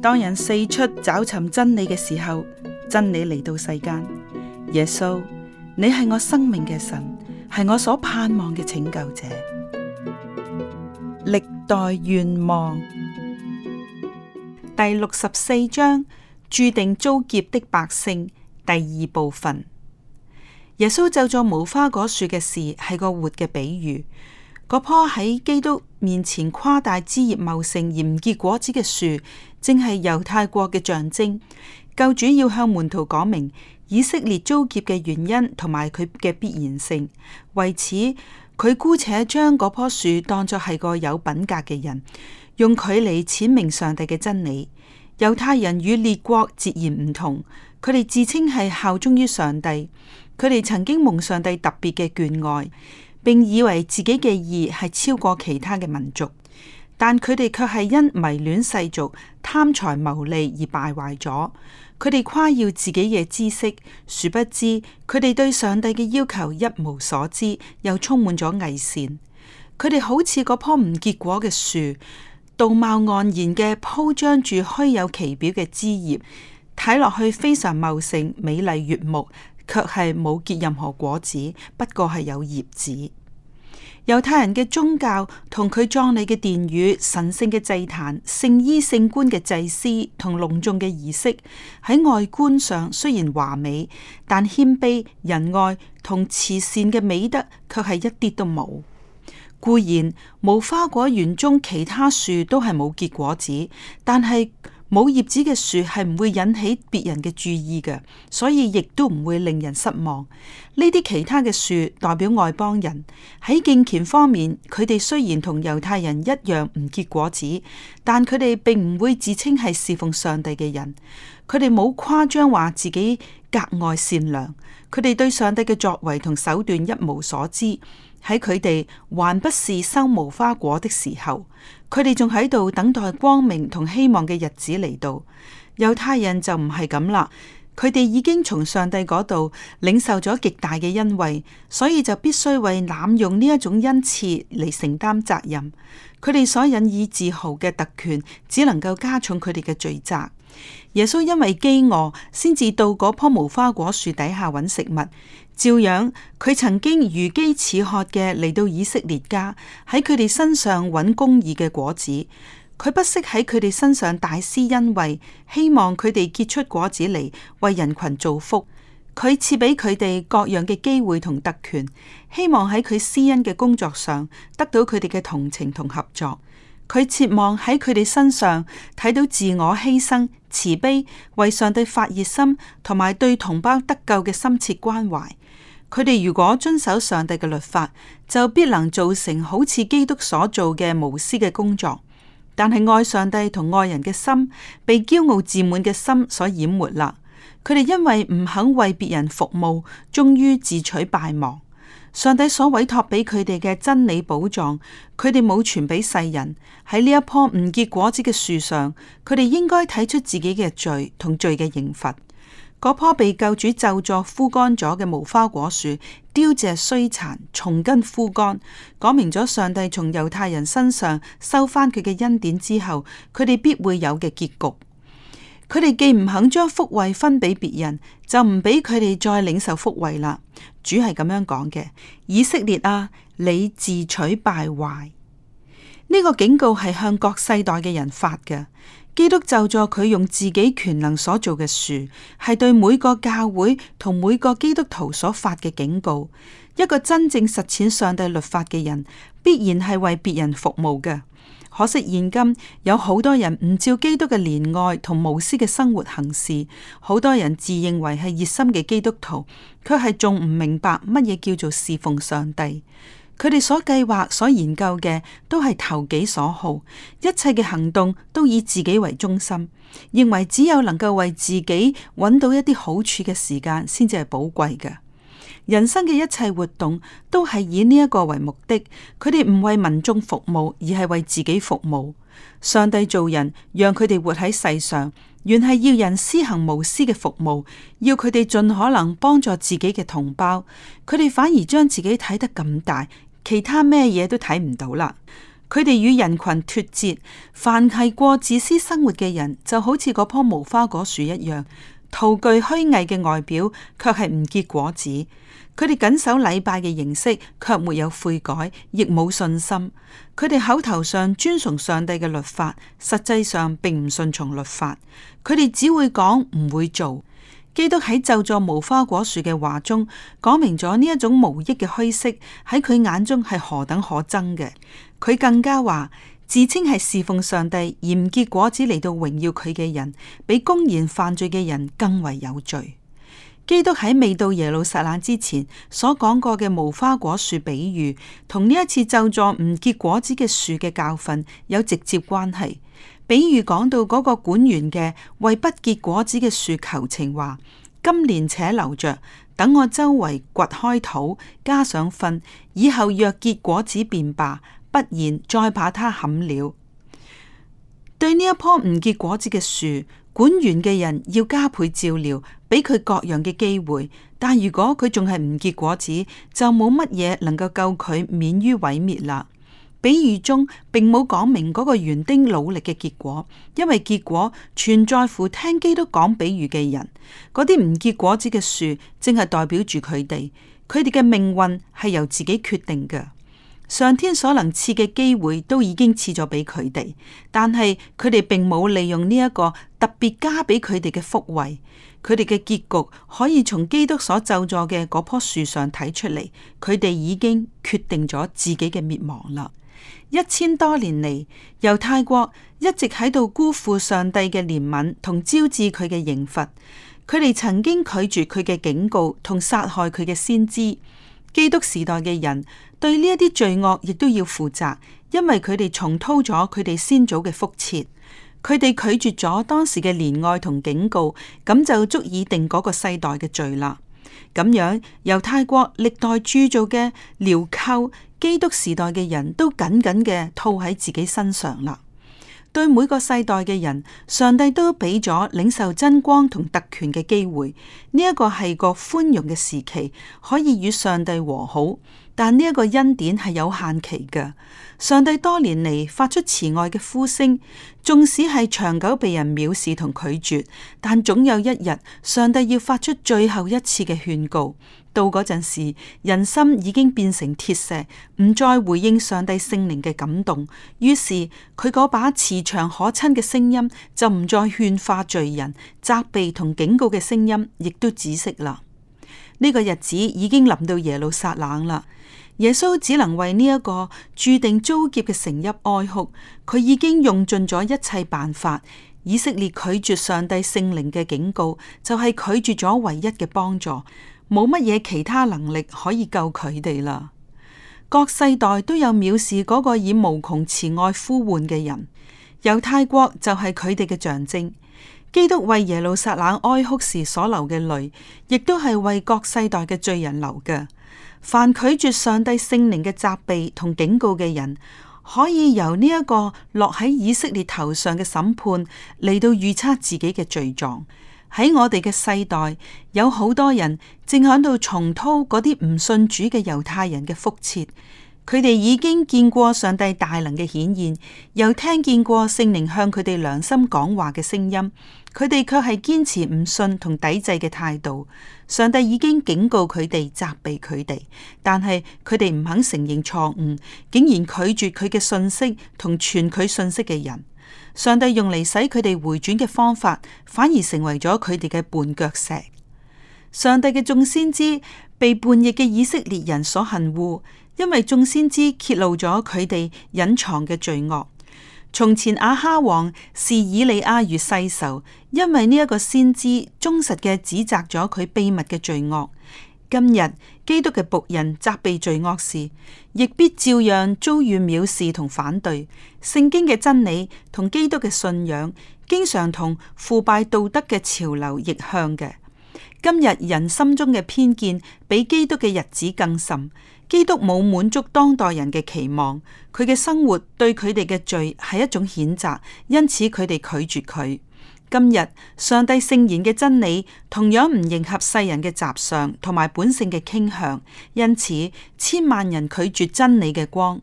當人四出找尋真理嘅時候，真理嚟到世間。耶穌，你係我生命嘅神，係我所盼望嘅拯救者。歷代願望第六十四章，注定遭劫的百姓第二部分。耶穌就做無花果樹嘅事係個活嘅比喻。嗰棵喺基督面前誇大枝葉茂盛而唔結果子嘅樹，正係猶太國嘅象徵。救主要向門徒講明以色列遭劫嘅原因同埋佢嘅必然性。為此，佢姑且將嗰棵樹當作係個有品格嘅人，用佢嚟闡明上帝嘅真理。猶太人與列國截然唔同，佢哋自稱係效忠於上帝。佢哋曾經蒙上帝特別嘅眷愛，並以為自己嘅義係超過其他嘅民族，但佢哋卻係因迷戀世俗、貪財謀利而敗壞咗。佢哋誇耀自己嘅知識，殊不知佢哋對上帝嘅要求一無所知，又充滿咗偽善。佢哋好似嗰棵唔結果嘅樹，道貌岸然嘅鋪張住虛有其表嘅枝葉，睇落去非常茂盛、美麗悅目。卻係冇結任何果子，不過係有葉子。猶太人嘅宗教同佢壯麗嘅殿宇、神聖嘅祭壇、聖衣聖官嘅祭司同隆重嘅儀式，喺外觀上雖然華美，但謙卑、仁愛同慈善嘅美德卻係一啲都冇。固然，無花果園中其他樹都係冇結果子，但係。冇葉子嘅樹係唔會引起別人嘅注意嘅，所以亦都唔會令人失望。呢啲其他嘅樹代表外邦人，喺敬虔方面，佢哋雖然同猶太人一樣唔結果子，但佢哋並唔會自稱係侍奉上帝嘅人。佢哋冇誇張話自己格外善良，佢哋對上帝嘅作為同手段一無所知。喺佢哋還不是收無花果的時候。佢哋仲喺度等待光明同希望嘅日子嚟到，猶太人就唔係咁啦，佢哋已經從上帝嗰度領受咗極大嘅恩惠，所以就必須為濫用呢一種恩賜嚟承擔責任。佢哋所引以自豪嘅特權，只能夠加重佢哋嘅罪責。耶穌因為飢餓，先至到嗰棵無花果樹底下搵食物。照樣，佢曾經如飢似渴嘅嚟，到以色列家，喺佢哋身上搵公義嘅果子。佢不惜喺佢哋身上大施恩惠，希望佢哋結出果子嚟為人群造福。佢賜俾佢哋各樣嘅機會同特權，希望喺佢施恩嘅工作上得到佢哋嘅同情同合作。佢切望喺佢哋身上睇到自我犧牲、慈悲、為上帝發熱心，同埋對同胞得救嘅深切關懷。佢哋如果遵守上帝嘅律法，就必能做成好似基督所做嘅無私嘅工作。但係愛上帝同愛人嘅心，被驕傲自滿嘅心所淹沒啦。佢哋因為唔肯為別人服務，終於自取敗亡。上帝所委託俾佢哋嘅真理寶藏，佢哋冇傳俾世人。喺呢一棵唔結果子嘅樹上，佢哋應該睇出自己嘅罪同罪嘅刑罰。嗰棵被救主咒作枯乾咗嘅無花果樹，凋謝衰殘，重根枯乾，講明咗上帝從猶太人身上收翻佢嘅恩典之後，佢哋必會有嘅結局。佢哋既唔肯將福惠分俾別人，就唔俾佢哋再領受福惠啦。主係咁樣講嘅，以色列啊，你自取敗壞。呢、這個警告係向各世代嘅人發嘅。基督就助佢用自己權能所做嘅樹，係對每個教會同每個基督徒所發嘅警告。一個真正實踐上帝律法嘅人，必然係為別人服務嘅。可惜現今有好多人唔照基督嘅憐愛同無私嘅生活行事，好多人自認為係熱心嘅基督徒，卻係仲唔明白乜嘢叫做侍奉上帝。佢哋所計劃、所研究嘅都係投己所好，一切嘅行動都以自己為中心，認為只有能夠為自己揾到一啲好處嘅時間先至係寶貴嘅。人生嘅一切活動都係以呢一個為目的，佢哋唔為民眾服務，而係為自己服務。上帝造人，讓佢哋活喺世上，原係要人施行無私嘅服務，要佢哋盡可能幫助自己嘅同胞。佢哋反而將自己睇得咁大，其他咩嘢都睇唔到啦。佢哋與人群脫節，凡係過自私生活嘅人，就好似嗰棵無花果樹一樣。徒具虛偽嘅外表，卻係唔結果子。佢哋謹守禮拜嘅形式，卻沒有悔改，亦冇信心。佢哋口頭上尊崇上帝嘅律法，實際上並唔順從律法。佢哋只會講，唔會做。基督喺咒詛無花果樹嘅話中，講明咗呢一種無益嘅虛飾喺佢眼中係何等可憎嘅。佢更加話。自稱係侍奉上帝、而唔結果子嚟到榮耀佢嘅人，比公然犯罪嘅人更為有罪。基督喺未到耶路撒冷之前所講過嘅無花果樹比喻，同呢一次咒詛唔結果子嘅樹嘅教訓有直接關係。比喻講到嗰個管員嘅為不結果子嘅樹求情話：今年且留着，等我周圍掘開土加上糞，以後若結果子便罷，不然，再把它砍了。對呢一棵唔結果子嘅樹，管園嘅人要加倍照料，俾佢各樣嘅機會。但如果佢仲係唔結果子，就冇乜嘢能夠救佢免於毀滅啦。比喻中，並冇講明嗰個園丁努力嘅結果，因為結果全在乎聽基督講比喻嘅人。嗰啲唔結果子嘅樹，正係代表住佢哋，佢哋嘅命運係由自己決定嘅。上天所能賜嘅機會都已經賜咗俾佢哋，但係佢哋並冇利用呢一個特別加俾佢哋嘅福惠，佢哋嘅結局可以從基督所咒詛嘅嗰棵樹上睇出嚟，佢哋已經決定咗自己嘅滅亡啦。一千多年嚟，猶太國一直喺度辜負上帝嘅憐憫同招致佢嘅刑罰，佢哋曾經拒絕佢嘅警告同殺害佢嘅先知，基督時代嘅人，對呢一啲罪惡亦都要負責，因為佢哋重蹈咗佢哋先祖嘅覆轍，佢哋拒絕咗當時嘅憐愛同警告，咁就足以定嗰個世代嘅罪啦。咁樣由泰國歷代鑄造嘅鐐銬，基督時代嘅人都緊緊嘅套喺自己身上啦。對每個世代嘅人，上帝都俾咗領受真光同特權嘅機會，呢一個係個寬容嘅時期，可以與上帝和好。但呢一個恩典係有限期嘅。上帝多年嚟發出慈愛嘅呼聲，縱使係長久被人藐視同拒絕，但總有一日，上帝要發出最後一次嘅勸告。到嗰陣時，人心已經變成鐵石，唔再回應上帝聖靈嘅感動。於是佢嗰把慈祥可親嘅聲音就唔再勸化罪人，責備同警告嘅聲音亦都止息啦。呢個日子已經臨到耶路撒冷啦。耶穌只能為呢一個注定遭劫嘅城邑哀哭，佢已經用盡咗一切辦法。以色列拒絕上帝聖靈嘅警告，就係、是、拒絕咗唯一嘅幫助，冇乜嘢其他能力可以救佢哋啦。各世代都有藐視嗰個以無窮慈愛呼喚嘅人，猶太國就係佢哋嘅象徵。基督為耶路撒冷哀哭時所流嘅淚，亦都係為各世代嘅罪人流嘅。凡拒絕上帝聖靈嘅責備同警告嘅人，可以由呢一個落喺以色列頭上嘅審判嚟到預測自己嘅罪狀。喺我哋嘅世代，有好多人正響度重蹈嗰啲唔信主嘅猶太人嘅覆轍。佢哋已經見過上帝大能嘅顯現，又聽見過聖靈向佢哋良心講話嘅聲音。佢哋卻係堅持唔信同抵制嘅態度，上帝已經警告佢哋，責備佢哋，但係佢哋唔肯承認錯誤，竟然拒絕佢嘅信息同傳佢信息嘅人。上帝用嚟使佢哋回轉嘅方法，反而成為咗佢哋嘅絆腳石。上帝嘅眾先知被叛逆嘅以色列人所恨惡，因為眾先知揭露咗佢哋隱藏嘅罪惡。從前阿哈王視以利亞如世仇，因為呢一個先知忠實嘅指責咗佢秘密嘅罪惡。今日基督嘅僕人責備罪惡時，亦必照樣遭遇藐視同反對。聖經嘅真理同基督嘅信仰，經常同腐敗道德嘅潮流逆向嘅。今日人心中嘅偏見，比基督嘅日子更甚。基督冇滿足當代人嘅期望，佢嘅生活對佢哋嘅罪係一種譴責，因此佢哋拒絕佢。今日上帝聖言嘅真理同樣唔迎合世人嘅習相習尚同埋本性嘅傾向，因此千萬人拒絕真理嘅光。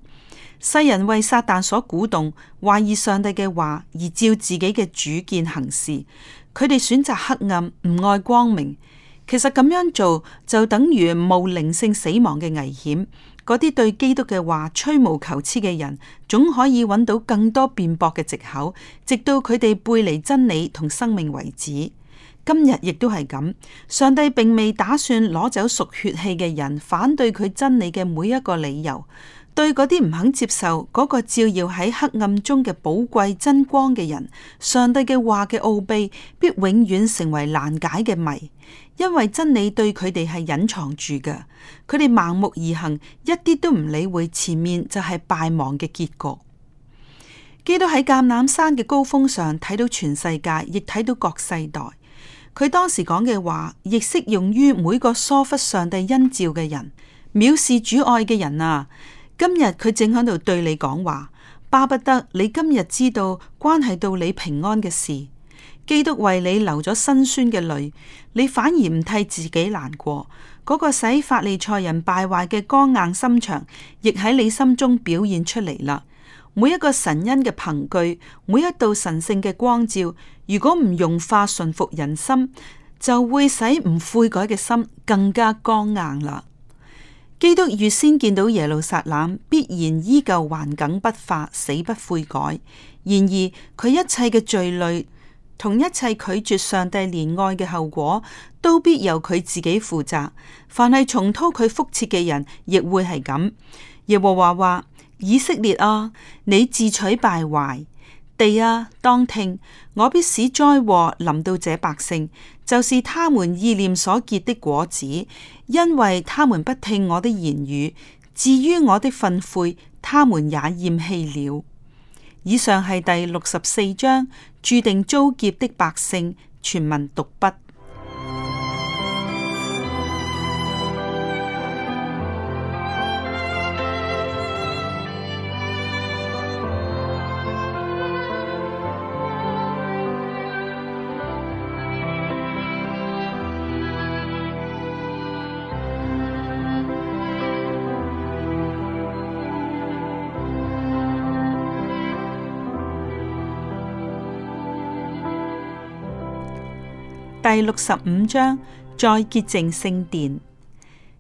世人為撒旦所鼓動，懷疑上帝嘅話而照自己嘅主見行事，佢哋選擇黑暗，唔愛光明。其實咁樣做就等於冇靈性死亡嘅危險。嗰啲對基督嘅話吹毛求疵嘅人，總可以揾到更多辯駁嘅藉口，直到佢哋背離真理同生命為止。今日亦都係咁，上帝並未打算攞走屬血氣嘅人反對佢真理嘅每一個理由。對嗰啲唔肯接受嗰個照耀喺黑暗中嘅寶貴真光嘅人，上帝嘅話嘅奧秘必永遠成為難解嘅謎。因為真理對佢哋係隱藏住嘅，佢哋盲目而行，一啲都唔理會前面就係敗亡嘅結局。基督喺橄欖山嘅高峰上睇到全世界，亦睇到各世代。佢當時講嘅話，亦適用於每個疏忽上帝恩照嘅人，藐視主愛嘅人啊！今日佢正喺度對你講話，巴不得你今日知道關係到你平安嘅事。基督為你流咗辛酸嘅淚，你反而唔替自己難過。嗰、那個使法利賽人敗壞嘅剛硬心腸，亦喺你心中表現出嚟啦。每一個神恩嘅憑據，每一道神聖嘅光照，如果唔融化順服人心，就會使唔悔改嘅心更加剛硬啦。基督預先見到耶路撒冷，必然依舊頑梗不化，死不悔改。然而佢一切嘅罪累。同一切拒絕上帝憐愛嘅後果，都必由佢自己負責。凡係重蹈佢覆轍嘅人，亦會係咁。耶和華話：以色列啊，你自取敗壞。地啊，當聽，我必使災禍臨到這百姓，就是他們意念所結的果子，因為他們不聽我的言語。至於我的訓誨，他們也厭棄了。以上係第六十四章《註定遭劫的百姓》全，全文讀畢。第六十五章再潔淨聖殿。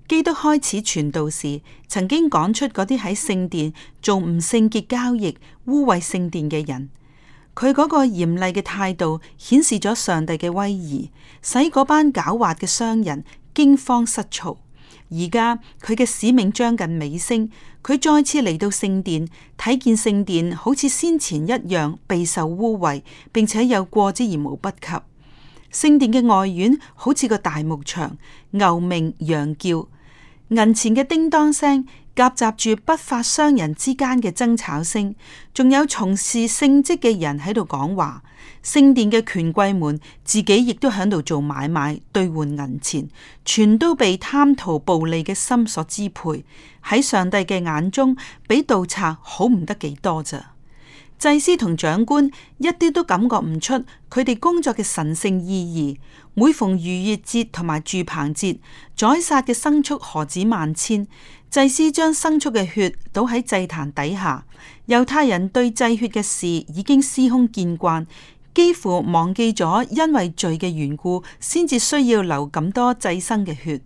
基督開始傳道時，曾經講出嗰啲喺聖殿做唔聖潔交易、污穢聖殿嘅人。佢嗰個嚴厲嘅態度，顯示咗上帝嘅威儀，使嗰班狡猾嘅商人驚慌失措。而家佢嘅使命將近尾聲，佢再次嚟到聖殿，睇見聖殿好似先前一樣備受污穢，並且有過之而無不及。聖殿嘅外院好似個大牧場，牛鳴羊叫，銀錢嘅叮當聲夾雜住不法商人之間嘅爭吵聲，仲有從事聖職嘅人喺度講話。聖殿嘅權貴們自己亦都喺度做買賣、兌換銀錢，全都被貪圖暴利嘅心所支配。喺上帝嘅眼中，比盜賊好唔得幾多咋？祭司同長官一啲都感覺唔出佢哋工作嘅神聖意義。每逢逾越節同埋住棚節，宰殺嘅牲畜，何止萬千？祭司將牲畜嘅血倒喺祭壇底下。猶太人對祭血嘅事已經司空見慣，幾乎忘記咗，因為罪嘅緣故先至需要流咁多祭牲嘅血。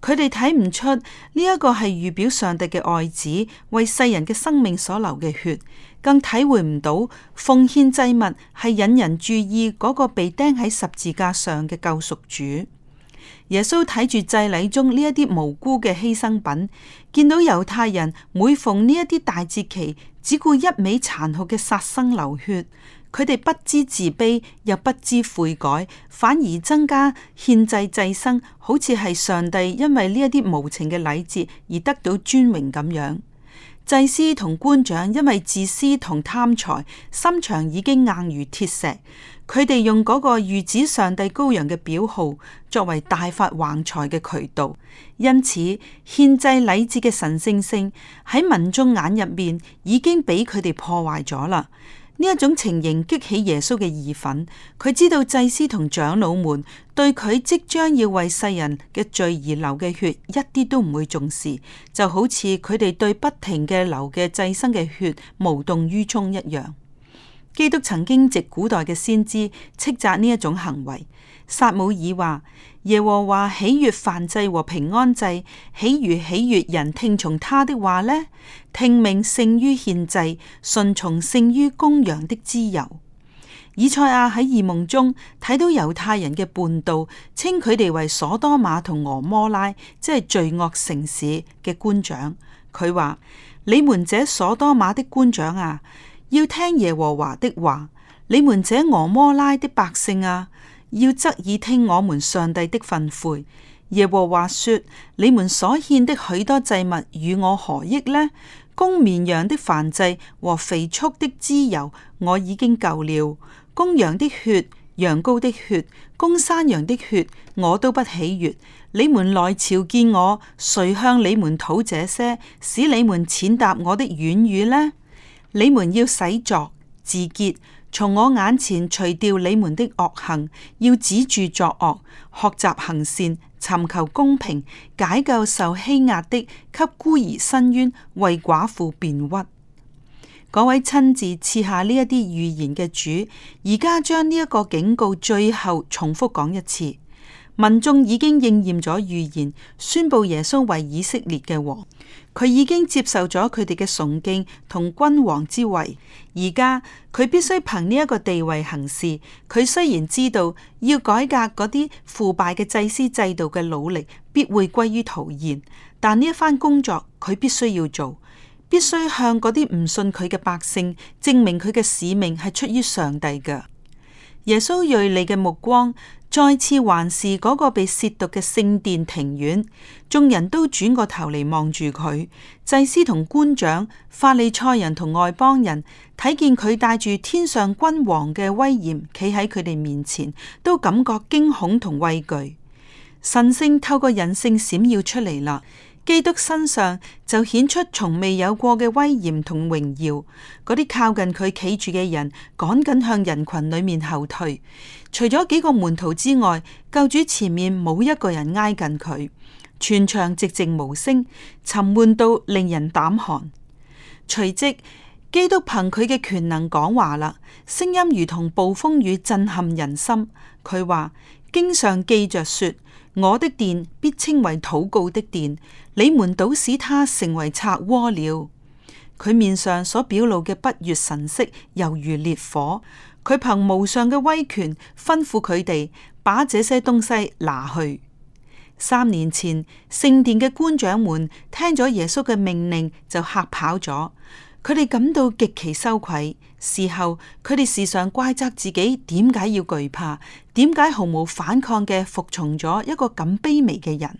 佢哋睇唔出呢一個係預表上帝嘅愛子為世人嘅生命所流嘅血。更體會唔到奉獻祭物係引人注意嗰個被釘喺十字架上嘅救贖主耶穌。睇住祭禮中呢一啲無辜嘅犧牲品，見到猶太人每逢呢一啲大節期，只顧一味殘酷嘅殺生流血，佢哋不知自卑又不知悔改，反而增加獻祭祭牲，好似係上帝因為呢一啲無情嘅禮節而得到尊榮咁樣。祭司同官長因為自私同貪財，心腸已經硬如鐵石。佢哋用嗰個預指上帝羔羊嘅表號，作為大發橫財嘅渠道。因此，獻祭禮節嘅神聖性喺民眾眼入面，已經俾佢哋破壞咗啦。呢一種情形激起耶穌嘅義憤，佢知道祭司同長老們對佢即將要為世人嘅罪而流嘅血一啲都唔會重視，就好似佢哋對不停嘅流嘅祭牲嘅血無動於衷一樣。基督曾經藉古代嘅先知斥責呢一種行為。撒母耳話。耶和華喜悦燔祭和平安祭，豈如喜悦人聽從他的話呢？聽命勝於獻祭，順從勝於公羊的脂油。以賽亞喺異夢中睇到猶太人嘅叛道，稱佢哋為所多瑪同俄摩拉，即係罪惡城市嘅官長。佢話：你們這所多瑪的官長啊，要聽耶和華的話；你們這俄摩拉的百姓啊。要側耳聽我們上帝的訓誨。耶和華說：你們所獻的許多祭物與我何益呢？公綿羊的燔祭和肥畜的脂油我已經夠了。公羊的血、羊羔的血、公山羊的血，我都不喜悦。你們來朝見我，誰向你們討這些，使你們踐踏我的院宇呢？你們要洗濯、自潔。從我眼前除掉你們的惡行，要止住作惡，學習行善，尋求公平，解救受欺壓的，給孤兒伸冤，為寡婦辯屈。嗰位親自賜下呢一啲預言嘅主，而家將呢一個警告最後重複講一次。民眾已經應驗咗預言，宣布耶穌為以色列嘅王。佢已經接受咗佢哋嘅崇敬同君王之位。而家佢必須憑呢一個地位行事。佢雖然知道要改革嗰啲腐敗嘅祭司制度嘅努力必會歸於徒然，但呢一番工作佢必須要做，必須向嗰啲唔信佢嘅百姓證明佢嘅使命係出於上帝嘅。耶穌銳利嘅目光再次環視嗰個被褻瀆嘅聖殿庭院，眾人都轉過頭嚟，望住佢。祭司同官長、法利賽人同外邦人睇見佢帶住天上君王嘅威嚴企喺佢哋面前，都感覺驚恐同畏懼。神聖透過人性閃耀出嚟啦。基督身上就顯出從未有過嘅威嚴同榮耀，嗰啲靠近佢企住嘅人趕緊向人群裏面後退。除咗幾個門徒之外，救主前面冇一個人挨近佢，全場寂靜無聲，沉悶到令人膽寒。隨即基督憑佢嘅權能講話啦，聲音如同暴風雨震撼人心。佢話，經常記着說。我的殿必稱為禱告的殿，你們倒使他成為賊窩了。佢面上所表露嘅不悅神色，猶如烈火。佢憑無上嘅威權吩咐佢哋，把這些東西拿去。三年前，聖殿嘅官長們聽咗耶穌嘅命令，就嚇跑咗。佢哋感到極其羞愧，事後佢哋時常怪責自己點解要懼怕，點解毫無反抗嘅服從咗一個咁卑微嘅人。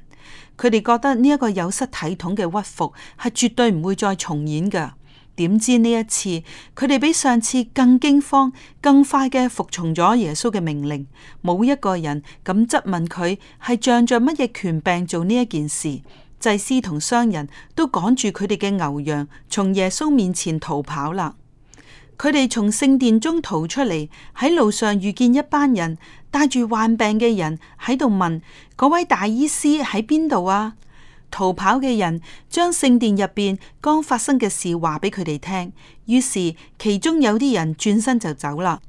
佢哋覺得呢一個有失體統嘅屈服係絕對唔會再重演㗎。點知呢一次，佢哋比上次更驚慌，更快嘅服從咗耶穌嘅命令，冇一個人敢質問佢係仗着乜嘢權柄做呢一件事。祭司同商人都趕住佢哋嘅牛羊，從耶穌面前逃跑啦。佢哋從聖殿中逃出嚟，喺路上遇見一班人帶住患病嘅人喺度問：嗰位大醫師喺邊度啊？逃跑嘅人將聖殿入邊剛發生嘅事話俾佢哋聽，於是其中有啲人轉身就走啦。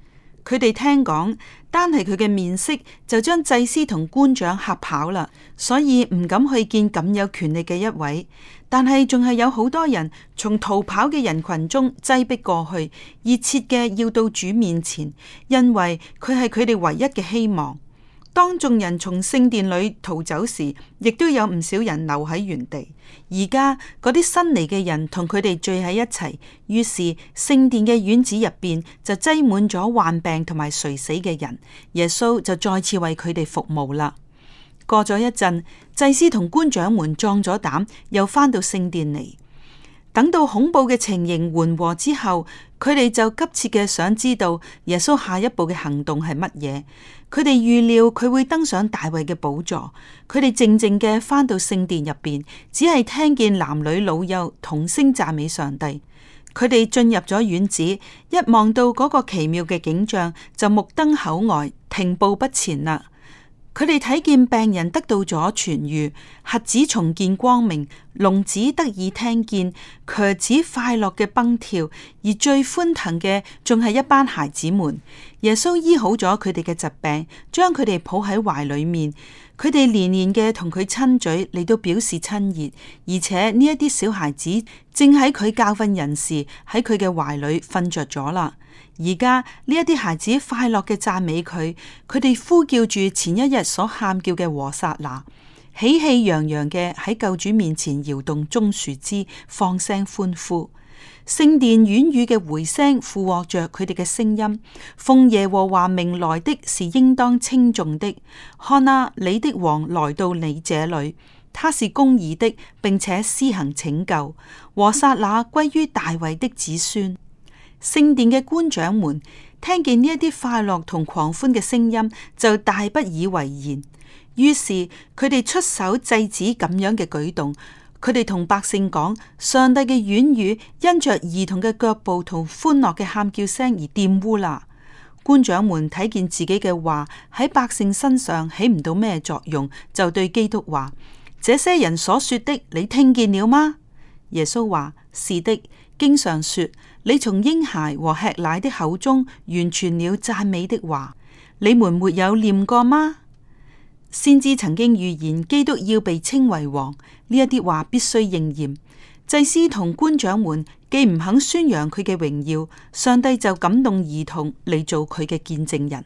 佢哋聽講，單係佢嘅面色就將祭司同官長嚇跑啦，所以唔敢去見咁有權力嘅一位。但係仲係有好多人從逃跑嘅人群中擠逼過去，熱切嘅要到主面前，因為佢係佢哋唯一嘅希望。當眾人從聖殿裏逃走時，亦都有唔少人留喺原地。而家嗰啲新嚟嘅人同佢哋聚喺一齊，於是聖殿嘅院子入邊就擠滿咗患病同埋垂死嘅人。耶穌就再次為佢哋服務啦。過咗一陣，祭司同官長們壯咗膽，又返到聖殿嚟。等到恐怖嘅情形緩和之後，佢哋就急切嘅想知道耶穌下一步嘅行動係乜嘢。佢哋預料佢會登上大衛嘅寶座，佢哋靜靜嘅返到聖殿入邊，只係聽見男女老幼同聲讚美上帝。佢哋進入咗院子，一望到嗰個奇妙嘅景象，就目瞪口呆，停步不前啦。佢哋睇見病人得到咗痊愈，瞎子重見光明，聾子得以聽見，瘸子快樂嘅蹦跳，而最歡騰嘅仲係一班孩子們。耶穌醫好咗佢哋嘅疾病，將佢哋抱喺懷裏面，佢哋連連嘅同佢親嘴嚟，都表示親熱，而且呢一啲小孩子正喺佢教訓人時喺佢嘅懷裏瞓着咗啦。而家呢一啲孩子快樂嘅讚美佢，佢哋呼叫住前一日所喊叫嘅和撒那，喜氣洋洋嘅喺舊主面前搖動棕樹枝，放聲歡呼。聖殿言語嘅回聲附和着佢哋嘅聲音。奉耶和華名來的是應當稱頌的。看啊，你的王來到你這裏，他是公義的，並且施行拯救。和撒那歸於大衛的子孫。聖殿嘅官長們聽見呢一啲快樂同狂歡嘅聲音，就大不以為然。於是佢哋出手制止咁樣嘅舉動。佢哋同百姓講：上帝嘅言語因着兒童嘅腳步同歡樂嘅喊叫聲而玷污啦。官長們睇見自己嘅話喺百姓身上起唔到咩作用，就對基督話：這些人所說的，你聽見了嗎？耶穌話：是的，經常說。你從嬰孩和吃奶的口中完全了讚美的話，你們沒有念過嗎？先知曾經預言基督要被稱為王，呢一啲話必須應驗。祭司同官長們既唔肯宣揚佢嘅榮耀，上帝就感動兒童嚟做佢嘅見證人。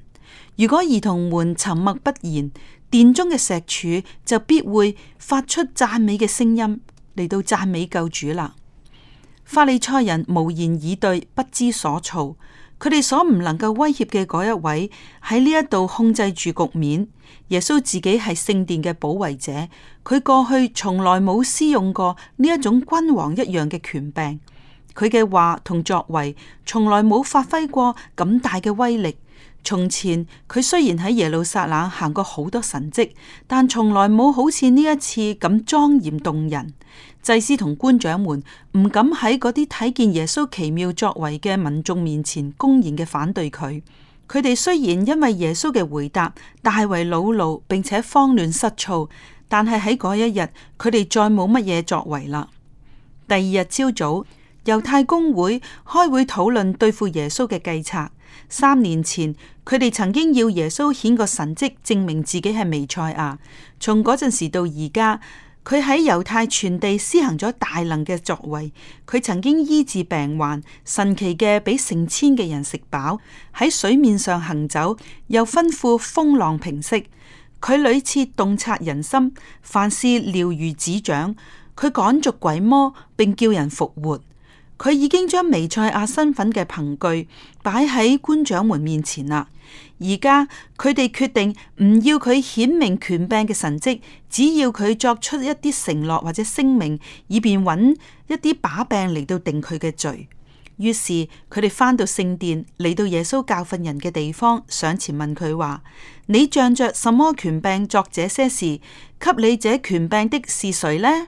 如果兒童們沉默不言，殿中嘅石柱就必會發出讚美嘅聲音，嚟到讚美救主啦。法利賽人無言以對，不知所措。佢哋所唔能夠威脅嘅嗰一位喺呢一度控制住局面。耶穌自己係聖殿嘅保衛者，佢過去從來冇施用過呢一種君王一樣嘅權柄。佢嘅話同作為從來冇發揮過咁大嘅威力。從前，佢雖然喺耶路撒冷行過好多神跡，但從來冇好似呢一次咁莊嚴動人。祭司同官長們唔敢喺嗰啲睇見耶穌奇妙作為嘅民眾面前公然嘅反對佢。佢哋雖然因為耶穌嘅回答大為惱怒，並且慌亂失措，但係喺嗰一日佢哋再冇乜嘢作為啦。第二日朝早，猶太公會開會討論對付耶穌嘅計策。三年前佢哋曾經要耶穌顯個神蹟證明自己係彌賽亞，從嗰陣時到而家。佢喺猶太傳地施行咗大能嘅作為，佢曾經醫治病患，神奇嘅俾成千嘅人食飽，喺水面上行走，又吩咐風浪平息。佢屢次洞察人心，凡事了如指掌。佢趕逐鬼魔，並叫人復活。佢已經將彌賽亞身份嘅憑據擺喺官長們面前啦。而家佢哋決定唔要佢顯明權柄嘅神蹟，只要佢作出一啲承諾或者聲明，以便揾一啲把柄嚟到定佢嘅罪。於是佢哋返到聖殿，嚟到耶穌教訓人嘅地方，上前問佢話：你仗着什麼權柄作這些事？給你這權柄的是誰呢？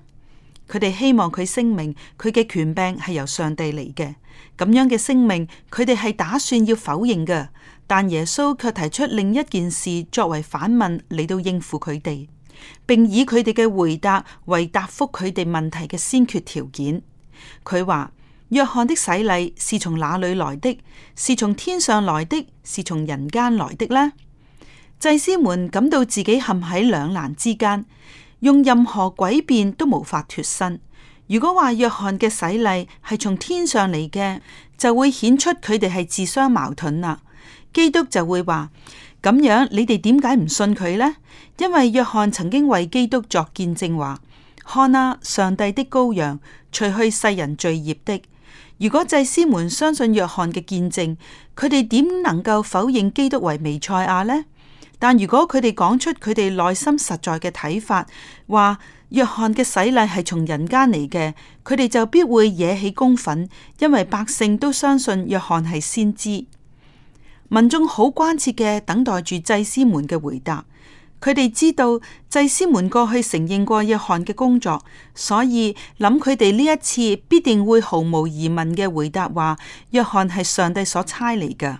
佢哋希望佢聲明佢嘅權柄係由上帝嚟嘅，咁樣嘅聲明佢哋係打算要否認㗎。但耶穌卻提出另一件事作為反問嚟到應付佢哋，並以佢哋嘅回答為答覆佢哋問題嘅先決條件。佢話：約翰的洗禮是從哪裏來的？是從天上來的？是從人間來的呢？祭司們感到自己陷喺兩難之間。用任何詭辯都無法脱身。如果話約翰嘅洗禮係從天上嚟嘅，就會顯出佢哋係自相矛盾啦。基督就會話：咁樣你哋點解唔信佢呢？因為約翰曾經為基督作見證話，話看啊，上帝的羔羊，除去世人罪孽的。如果祭司們相信約翰嘅見證，佢哋點能夠否認基督為彌賽亞呢？但如果佢哋講出佢哋內心實在嘅睇法，話約翰嘅洗禮係從人間嚟嘅，佢哋就必會惹起公憤，因為百姓都相信約翰係先知。民眾好關切嘅等待住祭司們嘅回答，佢哋知道祭司們過去承認過約翰嘅工作，所以諗佢哋呢一次必定會毫無疑問嘅回答話，約翰係上帝所差嚟㗎。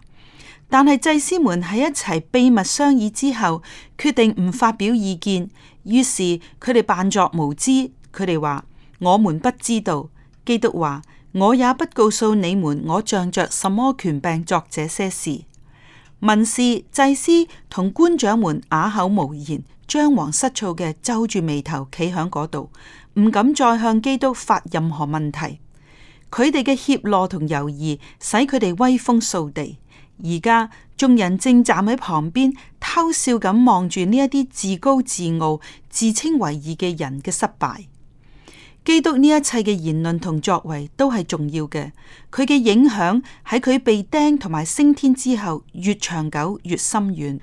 但係祭司們喺一齊秘密商議之後，決定唔發表意見。於是佢哋扮作無知，佢哋話：我們不知道。基督話：我也不告訴你們，我仗着什麼權柄作這些事。問事祭司同官長們啞、呃、口無言，張皇失措嘅皺住眉頭，企喺嗰度，唔敢再向基督發任何問題。佢哋嘅怯懦同猶豫，使佢哋威風掃地。而家眾人正站喺旁邊偷笑咁望住呢一啲自高自傲、自稱為義嘅人嘅失敗。基督呢一切嘅言論同作為都係重要嘅，佢嘅影響喺佢被釘同埋升天之後越長久越深遠。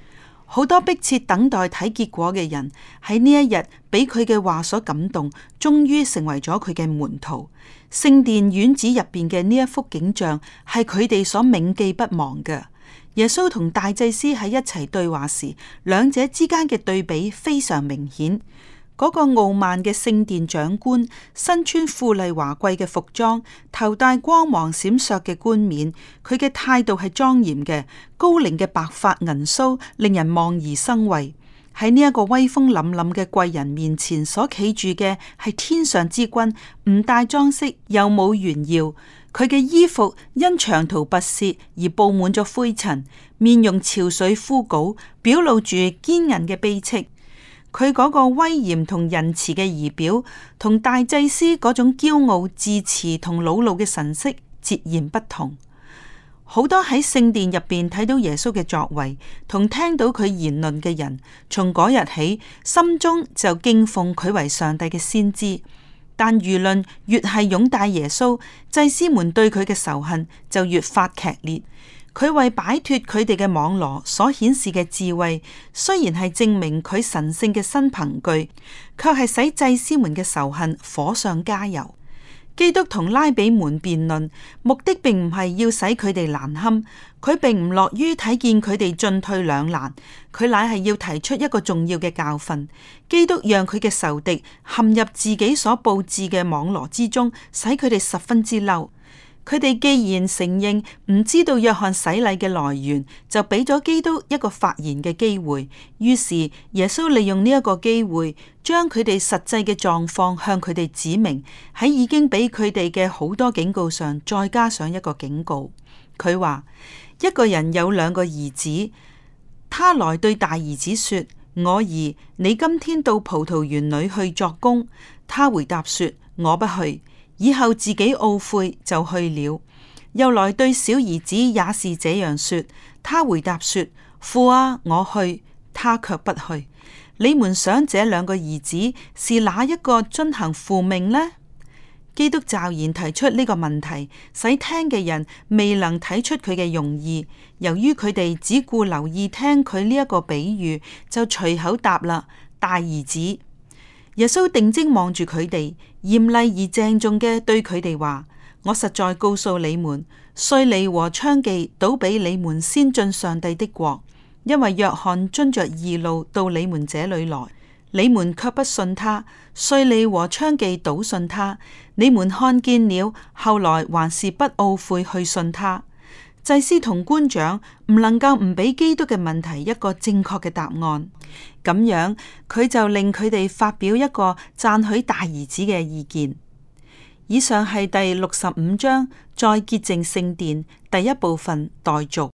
好多迫切等待睇結果嘅人喺呢一日俾佢嘅話所感動，終於成為咗佢嘅門徒。聖殿院子入邊嘅呢一幅景象係佢哋所銘記不忘嘅。耶穌同大祭司喺一齊對話時，兩者之間嘅對比非常明顯。嗰個傲慢嘅聖殿長官身穿富麗華貴嘅服裝，頭戴光芒閃爍嘅冠冕，佢嘅態度係莊嚴嘅，高齡嘅白髮銀鬚令人望而生畏。喺呢一個威風凜凜嘅貴人面前，所企住嘅係天上之君，唔帶裝飾又冇炫耀。佢嘅衣服因長途跋涉而布滿咗灰塵，面容憔悴枯槁，表露住堅韌嘅悲戚。佢嗰個威嚴同仁慈嘅儀表，同大祭司嗰種驕傲自持同惱怒嘅神色截然不同。好多喺聖殿入邊睇到耶穌嘅作為，同聽到佢言論嘅人，從嗰日起心中就敬奉佢為上帝嘅先知。但輿論越係擁戴耶穌，祭司們對佢嘅仇恨就越發劇烈。佢為擺脫佢哋嘅網羅所顯示嘅智慧，雖然係證明佢神聖嘅新憑據，卻係使祭司們嘅仇恨火上加油。基督同拉比們辯論，目的並唔係要使佢哋難堪，佢並唔樂於睇見佢哋進退兩難，佢乃係要提出一個重要嘅教訓。基督讓佢嘅仇敵陷入自己所布置嘅網羅之中，使佢哋十分之嬲。佢哋既然承認唔知道約翰洗禮嘅來源，就俾咗基督一個發言嘅機會。於是耶穌利用呢一個機會，將佢哋實際嘅狀況向佢哋指明，喺已經俾佢哋嘅好多警告上，再加上一個警告。佢話：一個人有兩個兒子，他來對大兒子說：我兒，你今天到葡萄園裏去作工。他回答說：我不去。以後自己懊悔就去了，又來對小兒子也是這樣說。他回答說：父啊，我去。他卻不去。你們想這兩個兒子是哪一個遵行父命呢？基督驟然提出呢個問題，使聽嘅人未能睇出佢嘅用意。由於佢哋只顧留意聽佢呢一個比喻，就隨口答啦：大兒子。耶穌定睛望住佢哋。嚴厲而鄭重嘅對佢哋話：我實在告訴你們，稅吏和娼妓倒比你們先進上帝的國，因為約翰遵着義路到你們這裏來，你們卻不信他；稅吏和娼妓倒信他，你們看見了，後來還是不懊悔去信他。祭司同官長唔能夠唔俾基督嘅問題一個正確嘅答案，咁樣，佢就令佢哋發表一個讚許大兒子嘅意見。以上係第六十五章再潔淨聖殿第一部分，待續。